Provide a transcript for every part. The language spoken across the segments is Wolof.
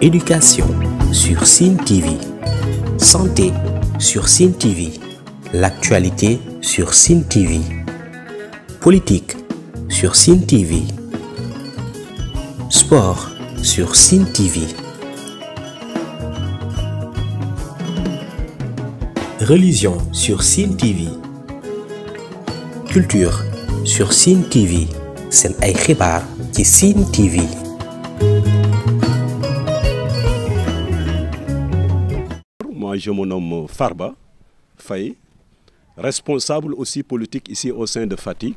Éducation sur Cine TV. Santé sur Cine TV. L'actualité sur Cine TV. Politique sur Cine TV. Sport sur Cine TV. Religion sur Cine TV. Culture sur Cine TV. C'est ay écrit cine TV je me Farba Faye, responsable aussi politique ici au sein de Fatik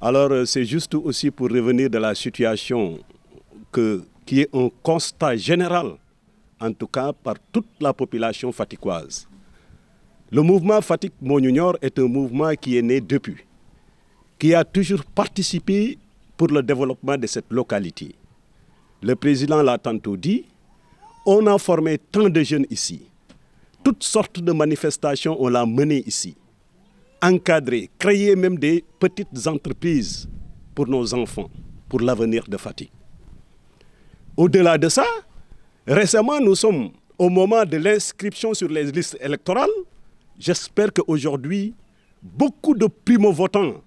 Alors, euh, c'est juste aussi pour revenir de la situation qui est un constat général, en tout cas par toute la population faticoise. Le mouvement Fatik Monunior est un mouvement qui est né depuis, qui a toujours participé pour le développement de cette localité. Le président l'a tantôt dit, on a formé tant de jeunes ici. Toutes sortes de manifestations, on l'a mené ici. Encadré, créer même des petites entreprises pour nos enfants, pour l'avenir de Fatih. Au-delà de ça, récemment, nous sommes au moment de l'inscription sur les listes électorales. J'espère qu'aujourd'hui, beaucoup de primo-votants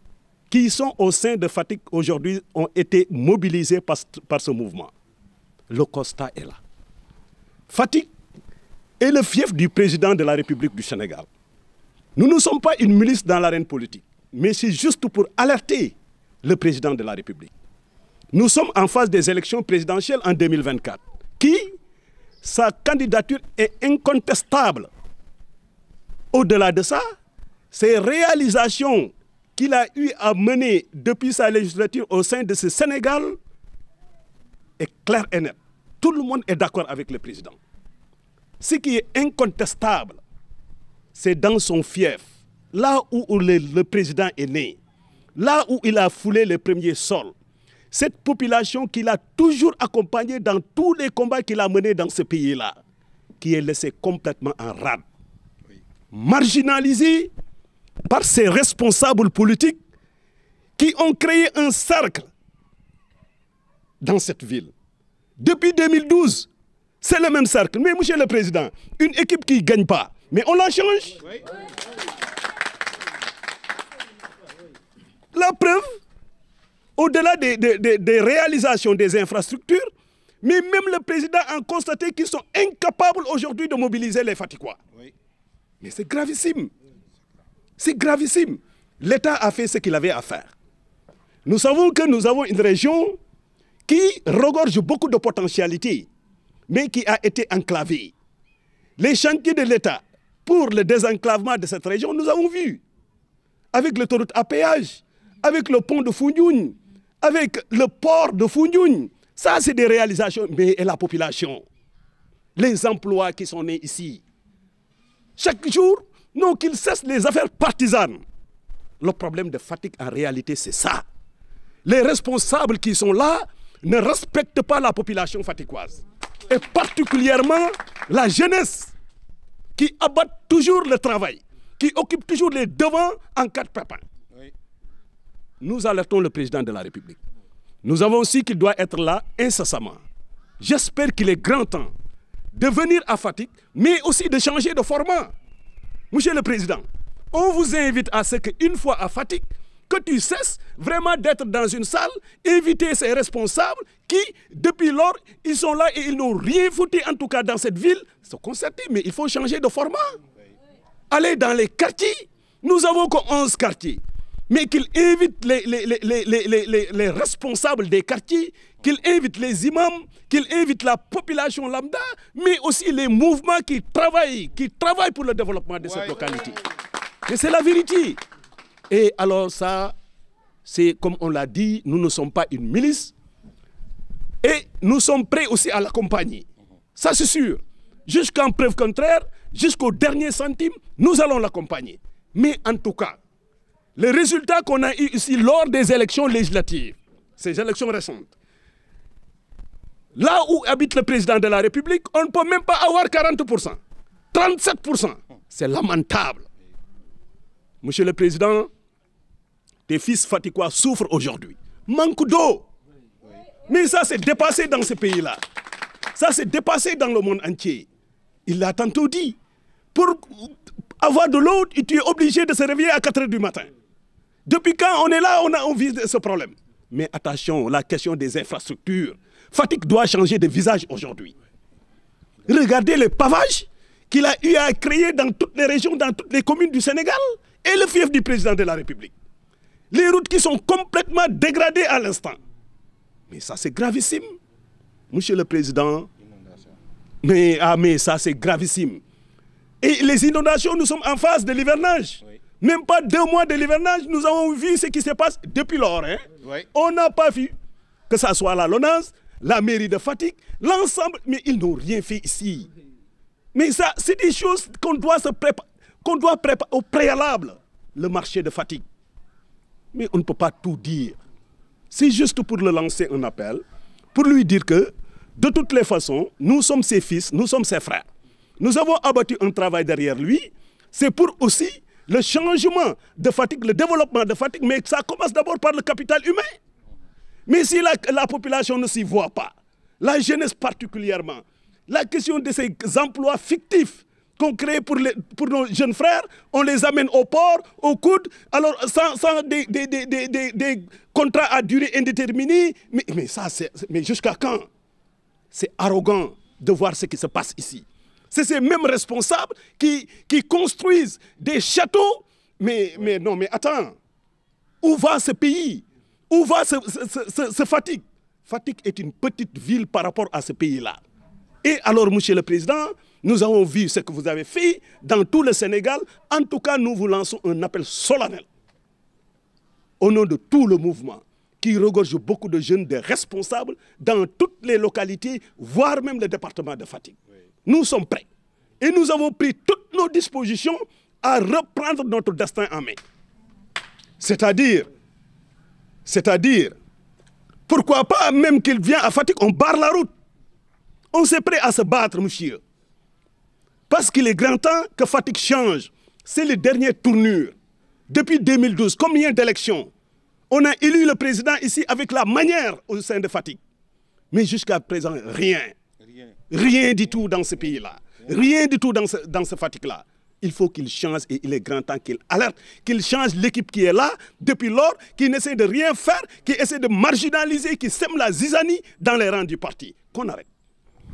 qui sont au sein de Fatih aujourd'hui ont été mobilisés par ce mouvement. Le constat est là. Fatigue est le fief du président de la République du Sénégal. Nous ne sommes pas une milice dans l'arène politique, mais c'est juste pour alerter le président de la République. Nous sommes en face des élections présidentielles en 2024, qui, sa candidature est incontestable. Au-delà de ça, ses réalisations qu'il a eu à mener depuis sa législature au sein de ce Sénégal est claire et nette. Tout le monde est d'accord avec le président. Ce qui est incontestable, c'est dans son fief, là où le, président est né, là où il a foulé le premier sol. Cette population qu'il a toujours accompagnée dans tous les combats qu'il a menés dans ce pays-là, qui est laissée complètement en rade, marginalisée par ses responsables politiques qui ont créé un cercle dans cette ville depuis 2012, c'est le même cercle. Mais monsieur le Président, une équipe qui ne gagne pas, mais on la change. La preuve, au-delà des, réalisations des infrastructures, mais même le président a constaté qu'ils sont incapables aujourd'hui de mobiliser les Fatikois. Mais c'est gravissime. C'est gravissime. L'État a fait ce qu'il avait à faire. Nous savons que nous avons une région qui regorge beaucoup de potentialités, mais qui a été enclavé. Les chantiers de l'État pour le désenclavement de cette région, nous avons vu, avec l'autoroute à péage, avec le pont de Founioun, avec le port de Founioun, ça c'est des réalisations, mais la population, les emplois qui sont nés ici. Chaque jour, non qu'ils cessent les affaires partisanes. Le problème de fatigue, en réalité, c'est ça. Les responsables qui sont là ne respecte pas la population faticoise, et particulièrement la jeunesse, qui abat toujours le travail, qui occupe toujours les devants en quatre de Nous alertons le président de la République. Nous avons aussi qu'il doit être là incessamment. J'espère qu'il est grand temps de venir à Fatigue, mais aussi de changer de format. Monsieur le Président, on vous invite à ce qu'une fois à Fatigue, que tu cesses vraiment d'être dans une salle, éviter ces responsables qui, depuis lors, ils sont là et ils n'ont rien foutu, en tout cas dans cette ville. C'est concertés, mais il faut changer de format. Aller dans les quartiers. Nous avons que 11 quartiers. Mais qu'ils invitent les, responsables des quartiers, qu'ils invitent les imams, qu'ils invitent la population lambda, mais aussi les mouvements qui travaillent, qui travaillent pour le développement de cette localité. Et c'est la vérité. Et alors ça, c'est comme on l'a dit, nous ne sommes pas une milice. Et nous sommes prêts aussi à l'accompagner. Ça, c'est sûr. Jusqu'en preuve contraire, jusqu'au dernier centime, nous allons l'accompagner. Mais en tout cas, les résultats qu'on a eu ici lors des élections législatives, ces élections récentes, là où habite le président de la République, on ne peut même pas avoir 40%. 37%. C'est lamentable. Monsieur le Président, tes fils fatigués souffrent aujourd'hui. Manque d'eau. Mais ça, s'est dépassé dans ce pays-là. Ça, s'est dépassé dans le monde entier. Il l'a tantôt dit. Pour avoir de l'eau, tu es obligé de se réveiller à 4 h du matin. Depuis quand on est là, on, a, envie de ce problème. Mais attention, la question des infrastructures. Fatigue doit changer de visage aujourd'hui. Regardez le pavage qu'il a eu à créer dans toutes les régions, dans toutes les communes du Sénégal et le fief du président de la République. Les routes qui sont complètement dégradées à l'instant. Mais ça, c'est gravissime. Monsieur le Président, mais, ah, mais ça, c'est gravissime. Et les inondations, nous sommes en phase de l'hivernage. Même pas deux mois de l'hivernage, nous avons vu ce qui se passe depuis lors. Hein. On n'a pas vu que ça soit la LONAS, la mairie de Fatigue, l'ensemble, mais ils n'ont rien fait ici. Mais ça, c'est des choses qu'on doit se préparer, qu'on doit préparer au préalable. Le marché de Fatigue mais on ne peut pas tout dire. C'est juste pour le lancer un appel, pour lui dire que, de toutes les façons, nous sommes ses fils, nous sommes ses frères. Nous avons abattu un travail derrière lui. C'est pour aussi le changement de fatigue, le développement de fatigue, mais ça commence d'abord par le capital humain. Mais si la, la population ne s'y voit pas, la jeunesse particulièrement, la question de ces emplois fictifs, qu'on crée pour, nos jeunes frères, on les amène au port, au coude, alors sans, des, contrats à durée indéterminée. Mais, mais ça, mais jusqu'à quand C'est arrogant de voir ce qui se passe ici. C'est ces mêmes responsables qui, construisent des châteaux. Mais, non, mais attends, où va ce pays Où va ce, ce Fatigue Fatigue est une petite ville par rapport à ce pays-là. Et alors, Monsieur le Président, nous avons vu ce que vous avez fait dans tout le Sénégal. En tout cas, nous vous lançons un appel solennel au nom de tout le mouvement qui regorge beaucoup de jeunes, des responsables dans toutes les localités, voire même le département de Fatigue. Nous sommes prêts et nous avons pris toutes nos dispositions à reprendre notre destin en main. C'est-à-dire, c'est-à-dire, pourquoi pas même qu'il vient à Fatigue, on barre la route. On s'est prêt à se battre, monsieur. Parce qu'il est grand temps que Fatigue change. C'est les dernières tournures. Depuis 2012, combien d'élections On a élu le président ici avec la manière au sein de Fatigue. Mais jusqu'à présent, rien. Rien, du tout dans ce pays-là. Rien du tout dans ce, dans ce Fatigue-là. Il faut qu'il change et il est grand temps qu'il alerte, qu'il change l'équipe qui est là depuis lors, qui n'essaie de rien faire, qui essaie de marginaliser, qui sème la zizanie dans les rangs du parti. Qu'on arrête.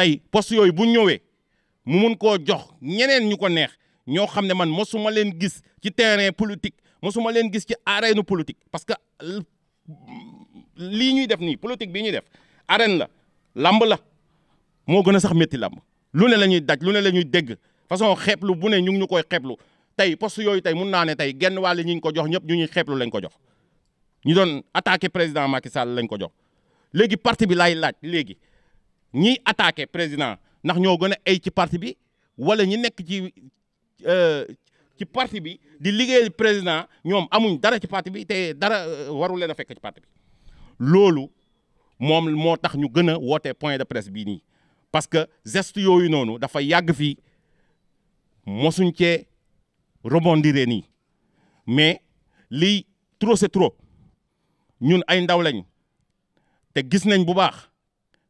tay poste yoy bu ñëwee mu mën ko jox ñeneen ñuko neex ño xamné man mosuma leen gis ci terrain politique mosuma leen gis ci arène politique parce que li ñuy def ni politique bi ñuy def arène la lamb la mo gëna sax metti lamb lu ne lañuy daj lu ne lañuy ñuy dégg façon xeeblu bu ne ñu ngi koy poste yoy tay mun naa ne genn wàll ñi ko jox ñëpp ñu ñuy xéplu lañ ko jox ñu doon attaquer président Macky Sall lañ ko jox légui parti bi lay laaj légui ñiy attaqué président ndax ñoo gën a ay ci parti bi wala ñi nekk ci euh, ci parti bi di liggéeyal président ñoom amuñ dara ci parti bi te dara euh, waru leen a fekk ci parti bi loolu moom moo tax ñu gën a woote point de presse bii nii parce que geste yooyu noonu dafa yàgg fii mosuñ cee rebondiree nii mais lii trop c'est trop ñun ay ndaw lañ te gis nañ bu baax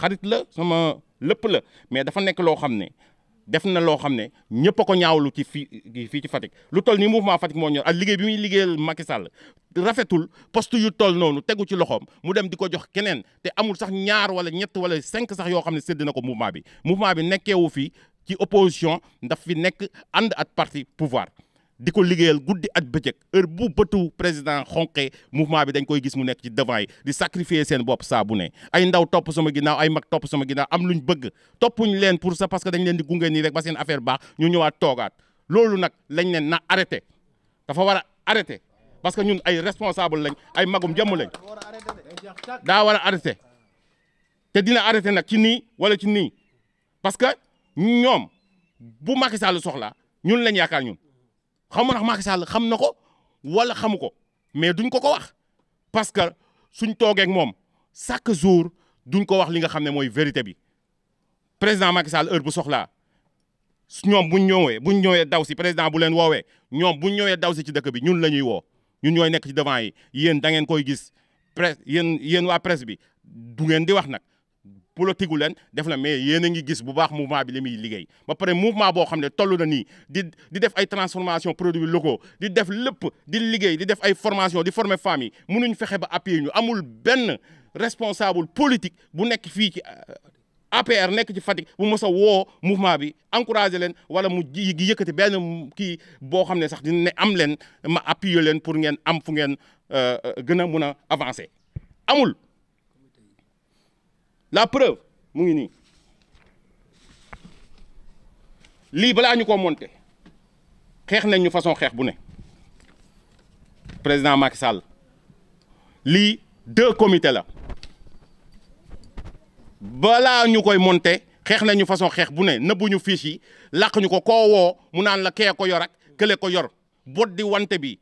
xarit la sama lépp la mais dafa nekk loo xam ne def na loo xam ne ñëpp a ko ñaawlu ci fii fii ci Fatick lu toll nii mouvement Fatick moo ñor ak liggéey bi muy liggéeyal Macky Sall rafetul poste yu toll noonu tegu ci loxoom mu dem di ko jox keneen te amul sax ñaar wala ñett wala cinq sax yoo xam ne sédd na ko mouvement bi mouvement bi nekkeewu fi ci opposition daf fi nekk ànd at parti pouvoir di ko liggéeyal guddi ak bëccëg heure bu bëtu président xonqee mouvement bi dañ koy gis mu nekk ci devant yi di sacrifier seen bopp saa bu ne ay ndaw topp sama ginnaaw ay mag topp sama ginnaaw am luñ bëgg toppuñ leen pour ça parce que dañ leen di gunge nii rek ba seen affaire baax ñu ñëwaat toogaat loolu nag lañ leen na arrêté dafa war a arrêté parce que ñun ay responsable lañ ay magum jëmm lañ daa war a arrêté te dina arrêté nag ci nii wala ci nii parce que ñoom bu Macky Sall soxlaa ñun lañ yaakaar ñun xam ma ndax Macky Sall xam na ko wala xamu ko mais duñ ko ko wax parce que suñ toogeek moom chaque jour duñ ko wax li nga xam ne mooy vérité bi président Macky Sall heure bu soxlaa ñoom buñ ñëwee buñ ñëwee daw si président bu leen woowee ñoom bu ñëwee daw si ci dëkk bi ñun la ñuy woo ñun ñooy nekk ci devant yi yéen da ngeen koy gis presse yéen yéen waa presse bi du ngeen di wax nag politique leen def la mais yéen a ngi gis bu baax mouvement bi limi muy ba pare mouvement bo xam ne toll na nii di di def ay transformation produits locaux di def lepp di liggéey di def ay formation di former famille mënuñ fexé ba appuyer ñu amul ben responsable politique bu nek fi ci euh, APR nek ci Fatick bu mos a mouvement bi encourager len wala mu ji gi yëkkati benn kii boo xam sax di ne am len ma appuyer len pour ngeen am fu ngeen euh, gën a mun avancer amul la preuve mu ngi nii lii balaa ñu ko monter xeex façon xeex bu ne président Macky Sall li deux comités la balaa ñu koy monter xeex nañ façon xex bu né nëbbuñu fiche yi làq ñu ko wo mu nan la kee ko yor ak kële ko yor boddi wanté bi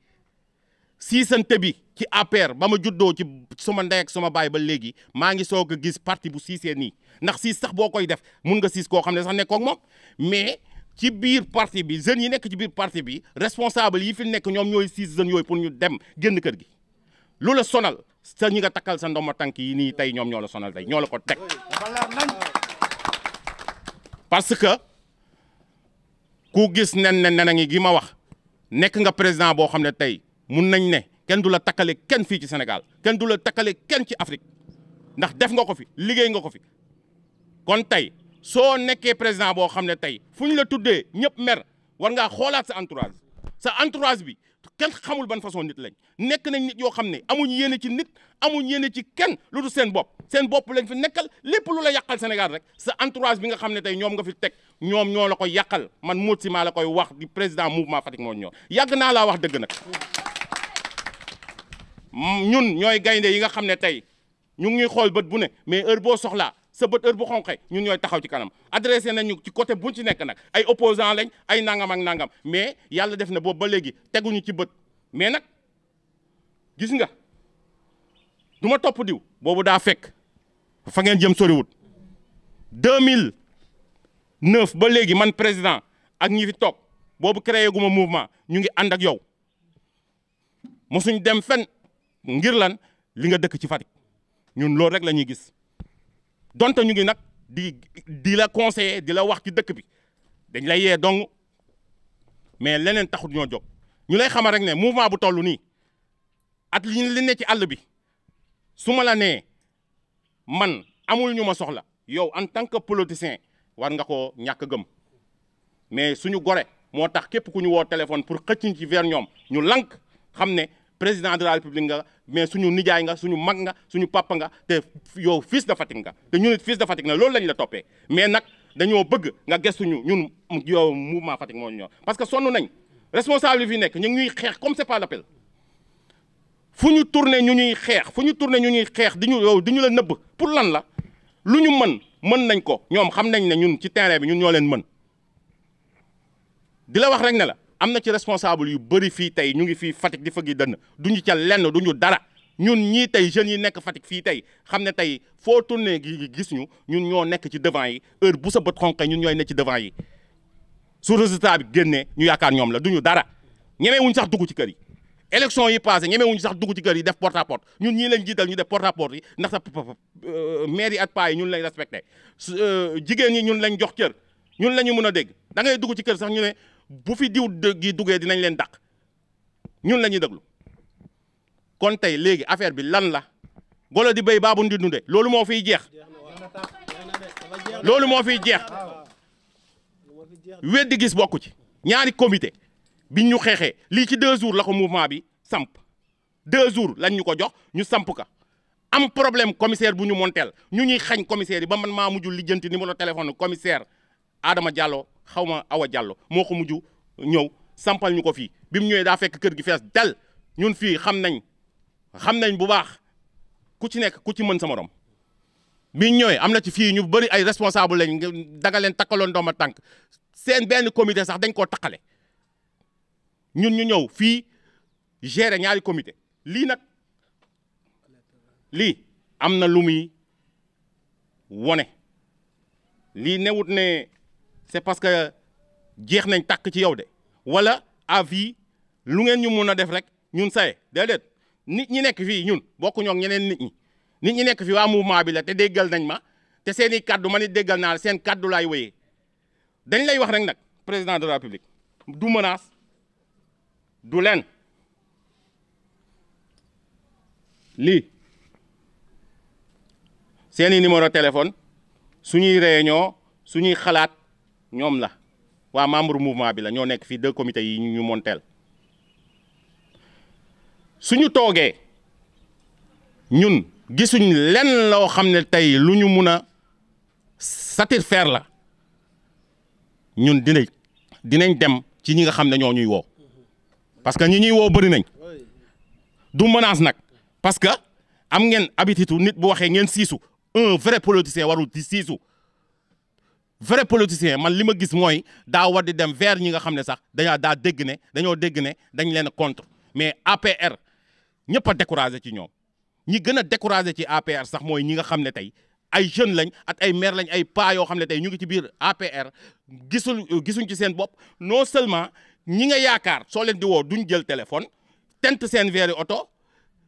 siisante bi ci APR ba ma juddoo ci suma ndey ak suma baay ba léegi maa ngi soog a gis parti bu siisee nii ndax siis sax boo koy def mun nga siis koo xam ne sax nekkoog moom mais ci biir parti bi jeunes yi nekk ci biir parti bi responsable yi fi nekk ñoom ñooy siis jeunes yooyu pour ñu dem génn kër gi lu la sonal sa ñi nga takkal sa ndomba tànk yi nii tey ñoom ñoo la sonal tey ñoo la ko teg parce que ku gis nen ne nenangi gi ma wax nekk nga président boo xam ne tey mun nañ ne kenn du la takkale kenn fii ci Sénégal kenn du la takkale kenn ci Afrique ndax def nga ko fi liggéey nga ko fi kon tey soo nekkee président boo xam ne tey fu ñu la tuddee ñëpp mer war ngaa xoolaat sa entourage sa entourage bi kenn xamul ban façon nit lañ nekk nañ nit yoo xam ne amuñ yéene ci nit amuñ yéene ci kenn lu dul seen bopp seen bopp lañ fi nekkal lépp lu la yàqal Sénégal rek sa entourage bi nga xam ne tey ñoom nga fi teg ñoom ñoo la koy yàqal man Modou Sy maa la koy wax di président mouvement Fatick moo ñor yàgg naa laa ñun ñooy gaynde yi nga xam ne tey ñu ngi xool bët bu ne mais heure boo soxlaa sa bët heure bu xonqee ñun ñooy taxaw ci kanam adressé nañu ci côté buñ ci nekk nag ay opposan lañ ay nangam ak nangam mais yàlla def na boobu ba léegi teguñu ci bët mais nag gis nga duma topp diw boobu daa fekk fa ngeen jëm soriwut 2009 ba léegi man président ak ñi fi toog boobu créé guma mouvement ñu ngi ànd ak yow mosuñ dem fenn ngir lan li nga dëkk ci Fatick ñun lool rek la gis donte ñu ngi nak di di la conseiller di la wax ci dëkk bi dañ lay yé dong mais leneen taxut ñoo jóg ñu lay xamal rek ne mouvement bu tollu ni at li li ne ci all bi suma la né man amul ñuma soxla yow en tant que politicien war nga ko ñak gëm mais suñu gore motax képp ku ñu woo téléphone pour xëcc ci vers ñom ñu lank xamné président de la république nga mais suñu nijaay nga suñu mag nga suñu papa nga te yow fils de Fatick nga te ñun it de Fatick na loolu lañ la toppee mais nag dañoo bëgg nga gëstuñu ñun yow mouvement Fatick moo ñu ñor parce que sonn nañ responsable yi fi nekk ñu ngi ñuy xeex comme c'est pas l'appel fu ñu tourné ñu ñuy xeex fu ñu tourné ñu ñuy xeex di ñu yow di ñu la nëbb pour lan la lu ñu mën mën nañ ko ñoom xam nañ ne ñun ci terrain bi ñun ñoo leen mën di la wax rek ne la. amna ci responsable yu bëri fi tay ñu ngi fi fatik di fëgg dënn duñu ca lenn duñu dara ñun ñi tay jeune yi nekk fatik fi tay xamne tay fo foo tourné gi gis ñu ñun ño nekk ci devant yi heure bu sa bët xonqee ñun ñoy nekk ci devant yi su résultat bi génnee ñu yaakaar ñom la duñu dara ñemee wuñ sax duggu ci kër yi élection yi passé ñemee wuñ sax duggu ci kër yi def porte à porte ñun ñi lañ jiital ñu def porte à porte yi ndax sa euh, maire at pay ñun lañ respecté euh, jigen yi ñun lañ jox kër ñun lañu mëna dégg da ngay duggu ci kër sax ñu né bu fi diw gi duggee dinañ leen dak ñun lañuy deglu kon tay légui affaire bi lan la golo di béy babu di dunde loolu moo fiy jeex lolu mo fiy jeex weddi gis bokku ci ñaari comité bi ñu xeexee lii ci deux jours la ko mouvement bi samp deux jours lañ ñu ko jox ñu samp ka am problème commissaire bu ñu monteel ñu ñuy xagn commissaire yi ba man ma mujul lijeenti numéro téléphone commissaire Adama Diallo xaw ma Awa Diallo moko muju ñew sampal ñuko fi bimu bi da ñëwee daa fekk kër gi fess del ñun fi xamnañ xamnañ bu baax ku ci nek ku ci mën sa bi ñu amna ci fi ñu bari ay responsable lañ danga leen takkaloon dooma tank seen benn comité sax dañ ko takalé ñun ñu ñew fi gérer ñaari comité li nak li amna na lu muy wone lii newut ne c'est parce que nous nañ tak ci yow de wala à vie lu ngeen ñu mëna def rek ñun say nit ñi Nous sommes ñun ñeneen nit ñi nit ñi mouvement bi la te déggal nañ ma te seeni déggal na président de la république du menace du len li seeni numéro téléphone suñuy suñuy nous, la wa membre mouvement bi la ñoo nek fi deux comités yi ñu Montel. suñu nous ñun satisfaire dem ci ñi nga xamné parce que ñi ñuy wo bari nañ du menace parce que am ngeen habitude nit bu un vrai politicien vrai politicien man li gis moy da qui di dem vers ñi nga xamné ne sax pas ne ne contre mais APR ñepp pas ci ñom ñi gëna décourager ci APR sax par ñi nga xamné ne ay jeunes lañ les ay maire lañ ay pas yo xamné ne ñu ngi ci APR gisul gisuñ ci seen bop non seulement ñi nga yaakar so leen di wo duñ jël téléphone tent seen auto,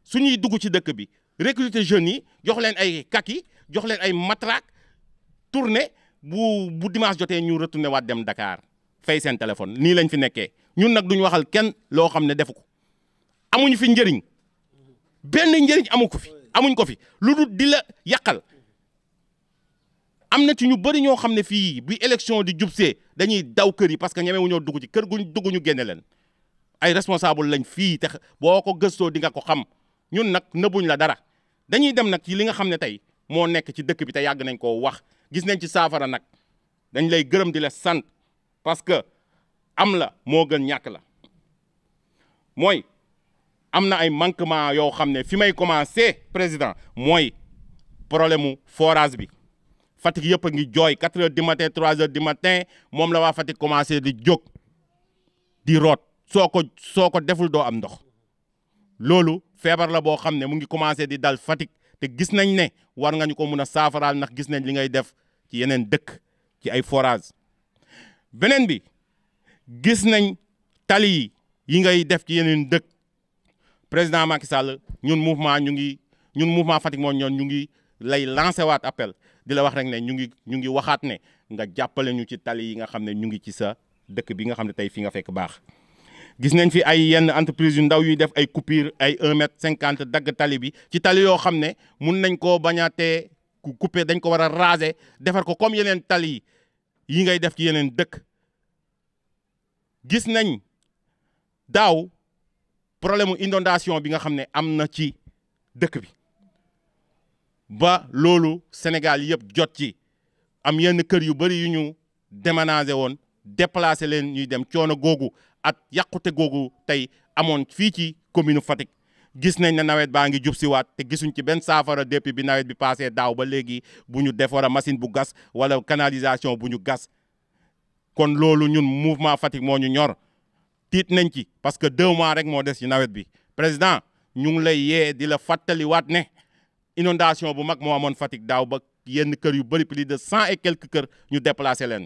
suñuy dugg ci dëkk bi recruter jeunes yi jox leen ay kaki jox leen ay matraque tourner bu bu dimanche jotee ñu retourné waat dem dakaar fay seen téléphone nii lañ fi nekkee ñun nag duñ waxal kenn loo xam ne defu ko amuñ fi njëriñ benn njëriñ amu ko fi amuñ ko fi lu dul di la yàqal am na ci ñu bari ñoo xam ne fii bi élection di jubsee dañuy daw kër yi parce que ñeme ñoo dugg ci kër guñ dugg ñu génne leen ay responsable lañ fii te boo ko gëstoo dinga ko xam ñun nag nëbuñ la dara dañuy dem nag ci li nga xam ne tey moo nekk ci dëkk bi te yàgg nañ koo wax gis nañ ci saafara nag dañ lay gërëm di la sant parce que am la moo gën ñàkk la mooy am na ay manquement yoo xam ne fi may commencé président mooy problème mu forage bi Fatik yëpp ngi jooy quatre heures du matin trois heures du matin moom la waa Fatik commencé di jóg di root soo ko soo ko deful doo am ndox loolu feebar la boo xam ne mu ngi commencé di dal Fatik te gis nañ ne war nga ñu ko mun a saafaraal ndax gis nañ li ngay def ci yeneen dëkk ci ay forage beneen bi gis nañ tali yi ngay def ci yeneen dëkk président Macky Sall ñun mouvement ñu ngi ñun mouvement Fatick moo ñoon ñu ngi lay lancé waat appel di la wax rek ne ñu ngi ñu ngi waxaat ne nga jàppale ñu ci tali yi nga xam ne ñu ngi ci sa dëkk bi nga xam ne tey fi nga fekk baax gis nañ fi ay yenn entreprise yu ndaw yuy def ay coupure ay un mètre cinquante dagg tali bi ci tali yoo xam ne mun nañ koo bañ a tee ku couper dañ ko war a raser defar ko comme yeneen tali yi ngay def ci yeneen dëkk gis nañ daaw problème mu inondation bi nga xam ne am na ci dëkk bi ba loolu Sénégal yëpp jot ci am yenn kër yu bëri yu ñu déménager woon déplacé leen ñuy dem coono googu At yàqute googu tay amoon fi ci commune fatik gis nañ na nawet baangi ngi wat, si te gisun ci ben safara depuis bi nawet bi passé daw ba legui buñu defora machine bu gas wala canalisation buñu gas kon lolu ñun mouvement fatik mo ñu ñor tit nañ ci parce que deux mois rek mo dess ci nawet bi président ñu ngi lay yee dila fatali wat ne inondation bu mag mo amone fatik daw ba yenn kër yu bari plus de 100 et quelques kër ñu déplacer l'en.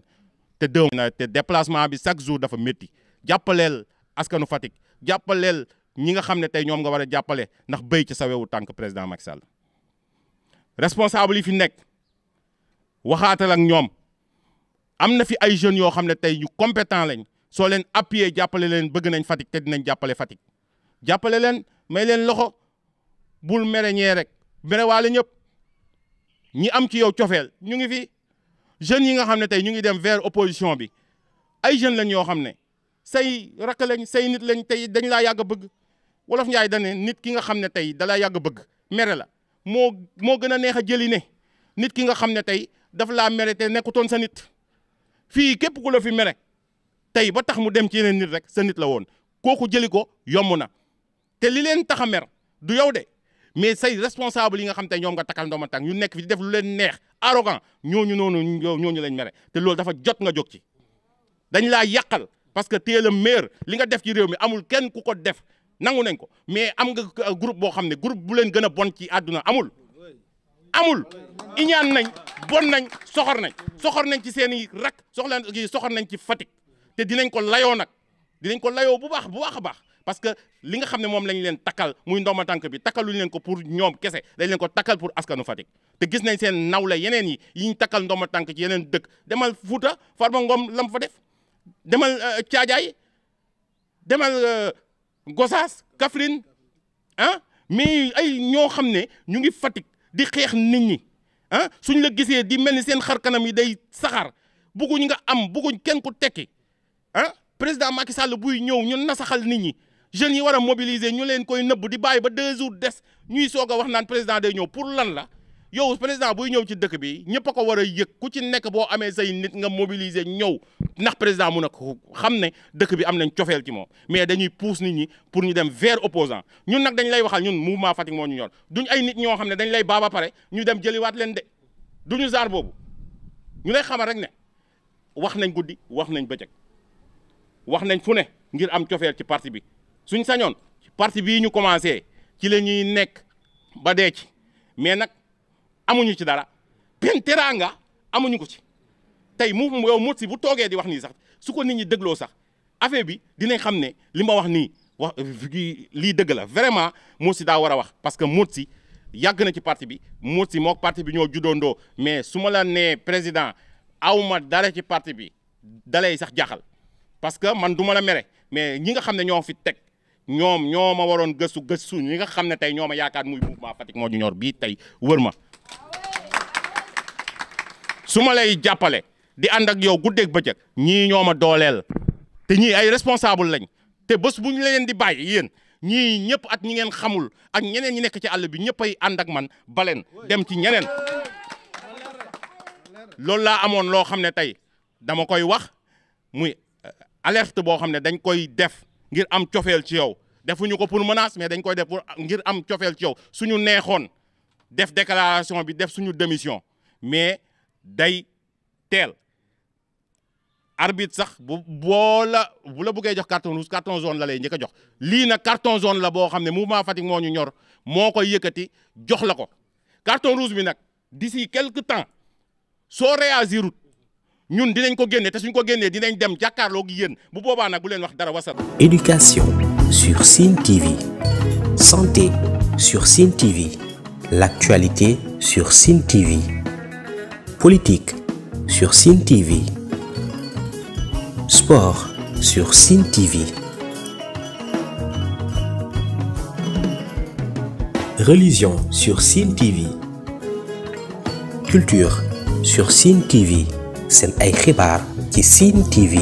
te deux te déplacement bi chaque jour dafa metti jàppaleel askanu Fatick jàppaleel ñi nga xam ne tey ñoom nga war a jàppale ndax béy ci sa wewu tànk président Macky Sall responsable yi fi nekk waxaatal ak ñoom am na fi ay jeunes yoo xam ne tey ñu compétent lañ soo leen appuyer jàppale leen bëgg nañ Fatick te dinañ jàppale Fatick jàppale leen may leen loxo bul mere ñee rek mere waale ñëpp ñi am ci yow cofeel ñu ngi fi jeunes yi nga xam ne tey ñu ngi dem vers opposition bi ay jeunes lañ yoo xam ne say rakk lañ say nit lañ tey dañ laa yàgg a bëgg wolof Njaay da nit ki nga xam ne tey da laa yàgg bëgg mere la moo moo gën a neex a jëli ne nit ki nga xam ne tey daf laa mere te nekkutoon sa nit fii képp ku la fi mere tey ba tax mu dem ci yeneen nit rek sa nit la woon kooku jëli ko yomb na te li leen tax a mer du yow de mais say responsable yi nga xam te ñoom nga takkal ndooma tànk ñu nekk fi di def lu leen neex arrogant ñooñu noonu ñooñu lañ mere te loolu dafa jot nga jóg ci parce que téye la maire li nga def ci réew mi amul kenn ku ko def nangu nañ ko mais am nga euh, groupe boo xam ne groupe bu leen gën a bon ci àdduna amul. amul iñaan nañ bon nañ soxor nañ soxor nañ ci seen i rak soxla soxor nañ ci Fatick te dinañ ko layoo nag dinañ ko layoo bu baax bu baax a baax parce que li nga xam ne moom lañ leen takkal muy ndooma tànk bi takkaluñ leen ko pour ñoom kese dañ leen ko takkal pour askanu Fatick te gis nañ seen nawle yeneen yi yi ñu takkal ndooma tànk ci yeneen dëkk demal Fuuta Farba Ngom lam fa def demal Caajaay euh, demal euh, gosas Kaffrine ah mais ay ñoo xam ne ñu ngi Fatick di xeex nit ñi ah suñ la gisee di mel ni seen xar kanam yi day saxaar bëgguñ nga am bëgguñ kenn ku tekki ah président Macky Sall buy ñëw ñun nasaxal nit ñi jeunes yi war a mobiliser ñu leen koy nëbb di bàyyi ba deux jours des ñuy soog a wax naan président day ñëw pour lan la. yow président buy ñëw ci dëkk bi ñëpp ko war a yëg ku ci nekk boo amee say nit nga mobiliser ñëw ndax président mu a ko xam ne dëkk bi am nañ cofeel ci moom mais dañuy pousse nit ñi pour ñu dem vers opposant ñun nag dañ lay waxal ñun mouvement Fatick moo ñu ñor duñ ay nit ñoo xam ne dañ lay baaba ba pare ñu dem jëliwaat leen de duñu saar boobu ñu lay xamal rek ne wax nañ guddi wax nañ bëccëg wax nañ fu ne ngir am cofeel ci parti bi suñ sañoon parti bii ñu commencé ci la ñuy nekk ba dee ci mais nag amuñu ci dara benn teraanga amuñu ko ci tey mu yow mot si bu toogee di wax nii sax su ko ni ñi dégloo sax affaire bi dinañ xam ne li ma wax nii wax lii dëgg la vraiment mot si daa war a wax parce que mot si yàgg na ci parti bi mot si mook parti bi ñoo juddoondoo mais su ma la nee président awma dara ci parti bi dalay sax jaxal parce que man du ma la mere mais ñi nga xam ne ñoom fi teg ñoom ñoo ma waroon gësu gëstu ñi nga xam ne tey ñoo ma yaakaar muy mouvement Fatick moo ñu ñor bii tey wër ma su ma lay jàppale di ànd ak yow guddeeg bëccëg ñii ñoo ma dooleel te ñii ay responsable lañ te bés bu ñu leen di bàyyi yéen ñii ñëpp ak ñi ngeen xamul ak ñeneen ñi nekk ci àll bi ñëpp ay ànd ak man baleen dem ci ñeneen loolu laa amoon loo xam ne tey dama koy wax muy euh, alerte boo xam ne dañ koy def ngir am cofeel ci yow defuñu ko pour menace mais dañ koy def pour ngir am cofeel ci yow suñu neexoon def déclaration bi def suñu démission mais day tel arbitre sax bu bola bu la bëggé jox carton rouge carton jaune la lay njëkk a jox li nag carton jaune la bo xamné mouvement fatik mo ñu ñor moo koy yëkkati jox la ko carton rouge bi nak d'ici quelque temps so réagirut ñun dinañ ko génne té suñ ko génnee dinañ dem jakarlo gi yeen bu boba nak bu len wax dara wasal. éducation sur Sine TV santé sur Sine TV l'actualité sur Sine TV. Politique sur Cine TV. Sport sur Cine TV. Religion sur Cine TV. Culture sur Cine TV. C'est un écrit par Cine TV.